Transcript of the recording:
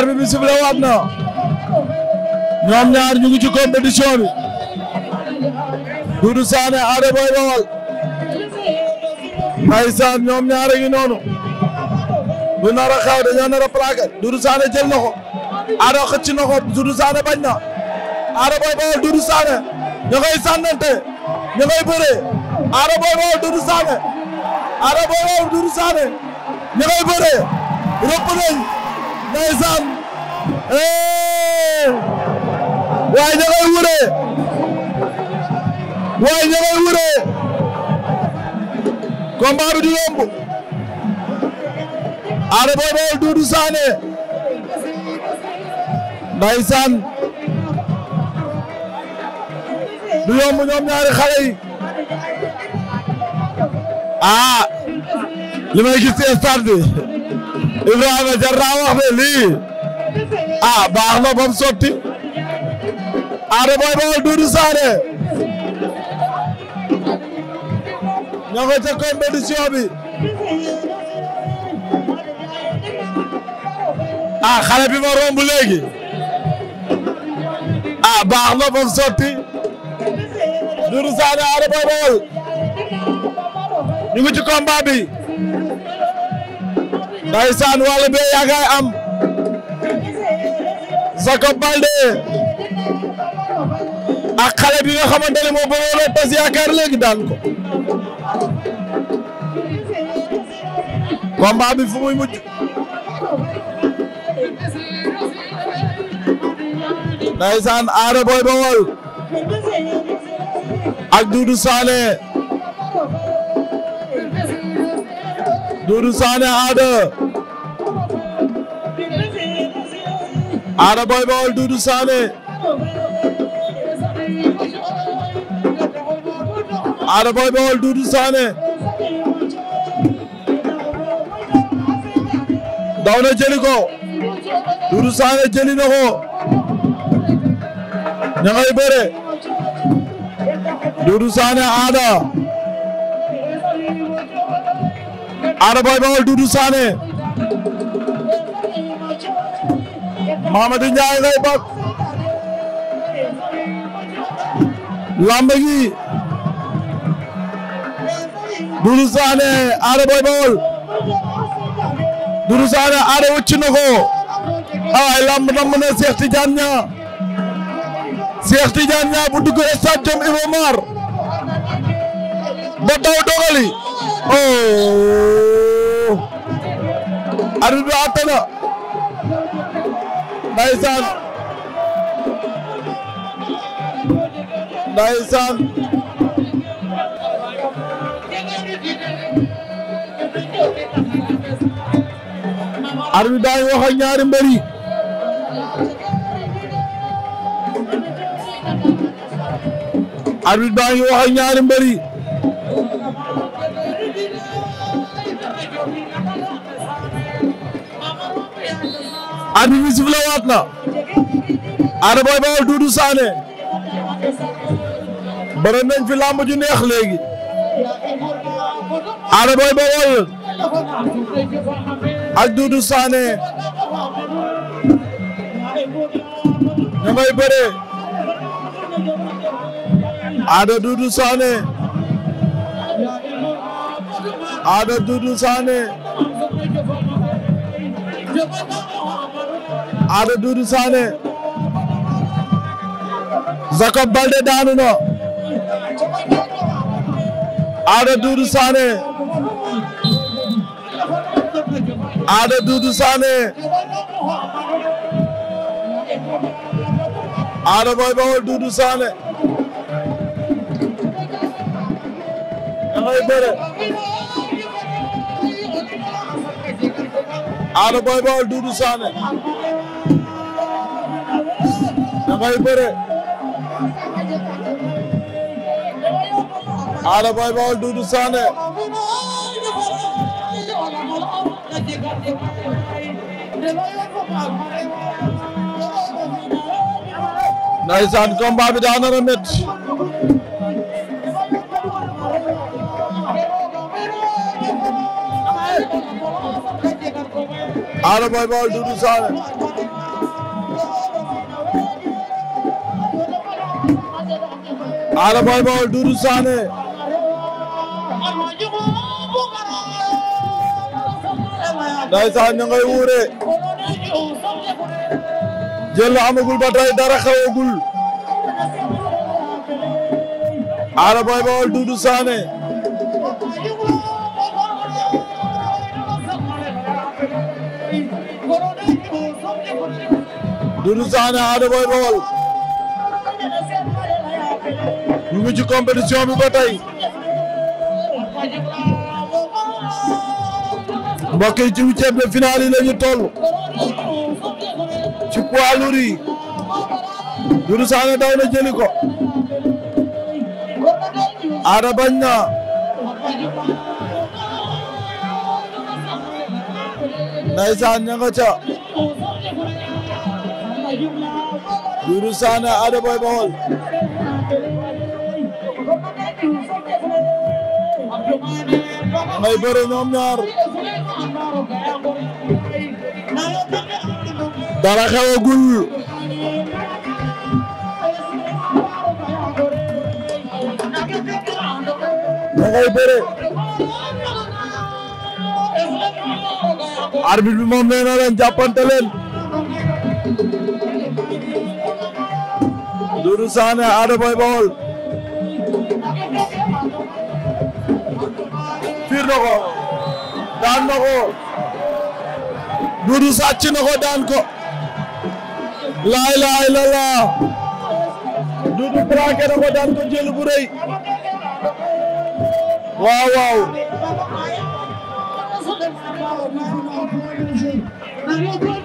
arbitre bi ñoom ñaar ñu ngi ci compétition bi Doudou Sané Ada Boy ñoom ñaar ngi noonu du nar a xew dañoo nar a plaqué Doudou jël na ko Ada xëcc na ko Doudou Sané bañ na Ada Boy Baol Doudou Sané ñu koy sànnante ñu koy bëree Ada Boy Baol Doudou Sané Ada Boy ndeysaan waaye ña ngay wure waaye ña ngay wure combat bi du yomb Ada Boy Baol Doudou Sané ndeysaan du yomb ñoom ñaari xale yi ah! li may gis Ibrahima jar naa wax lii ah baax na ba mu sotti Ada Boy Baol Doudou Sané ca compétition bi ah xale bi ma romb léegi ah baax na ba sotti Doudou Sané Ada Boy Baol ñu ngi bi. ndaysaan wàllu bee yaa am Jacob Baldé ak xale bi nga xamante ne moo bëggoon a tas yaakaar léegi daan ko combat bi fu muy mujj ndaysaan aare booy bawol ak Doudou Sané Doudou Sané Ada Ada Boy Baol Doudou Sané Ada Boy Baol Doudou Sané daw na jëli ko Doudou Sané jëli na ko ña ngay bëre Doudou Sané Ada Boy Baol Doudou Sané Mamadou Ndiaye ngay bokk lamb gi Doudou Sané Ada Boy Baol Doudou Sané na ko ay lamb nam na Cheikh Tidiane Niang Cheikh Tidiane Niang bu dugg stade Iba Mar Diop daw dogali oh arbitre bi àtte na ndaysaan ndaysaan arbitre daa ngi wax ak ñaari mbër yi arbitre daa ngi wax ak ñaari mbër yi arbitre bi sifflé waat na Ada Boy Baol Doudou Sané fi làmb ju neex léegi Ada Boy Baol ak Doudou Sané ña ngay bëre Ada Doudou Sané Ada Doudou Sané Ada Doudou Sané Jacob Baldé daanu na Ada Doudou Sané Ada Doudou Sané Ada Boy Baol Doudou Sané da ngay bëre Ada Boy Baol Doudou Sané da ngay bëre Ada Boy Baol Doudou Sané Ndeysaan combat bi daa nar a métti Ada Boy Baol Doudou Sané Ada Boy Baol ngay wuure jël la amagul ba tey dara xewagul Ada Boy Baol Doudou Sané Doudou Sané Ada Boy Baol ñu ngi ci compétition bi ba tey mbokk ci huitième de finale yi la ci poids lourd yi Doudou Sané daw na jëli ko bañ na ndaysaan ña nga Doudou Sané Ada Boy Baol ngay bëre ñoom ñaar dara xewagul ngay bëre arbitre bi moom nee na leen jàppante leen Doudou Sané Ada Boy Baol fiir na daan na ko Doudou sàcc na daan ko laa ilaaha illallaah Doudou braqué na daan ko jël bu waaw waaw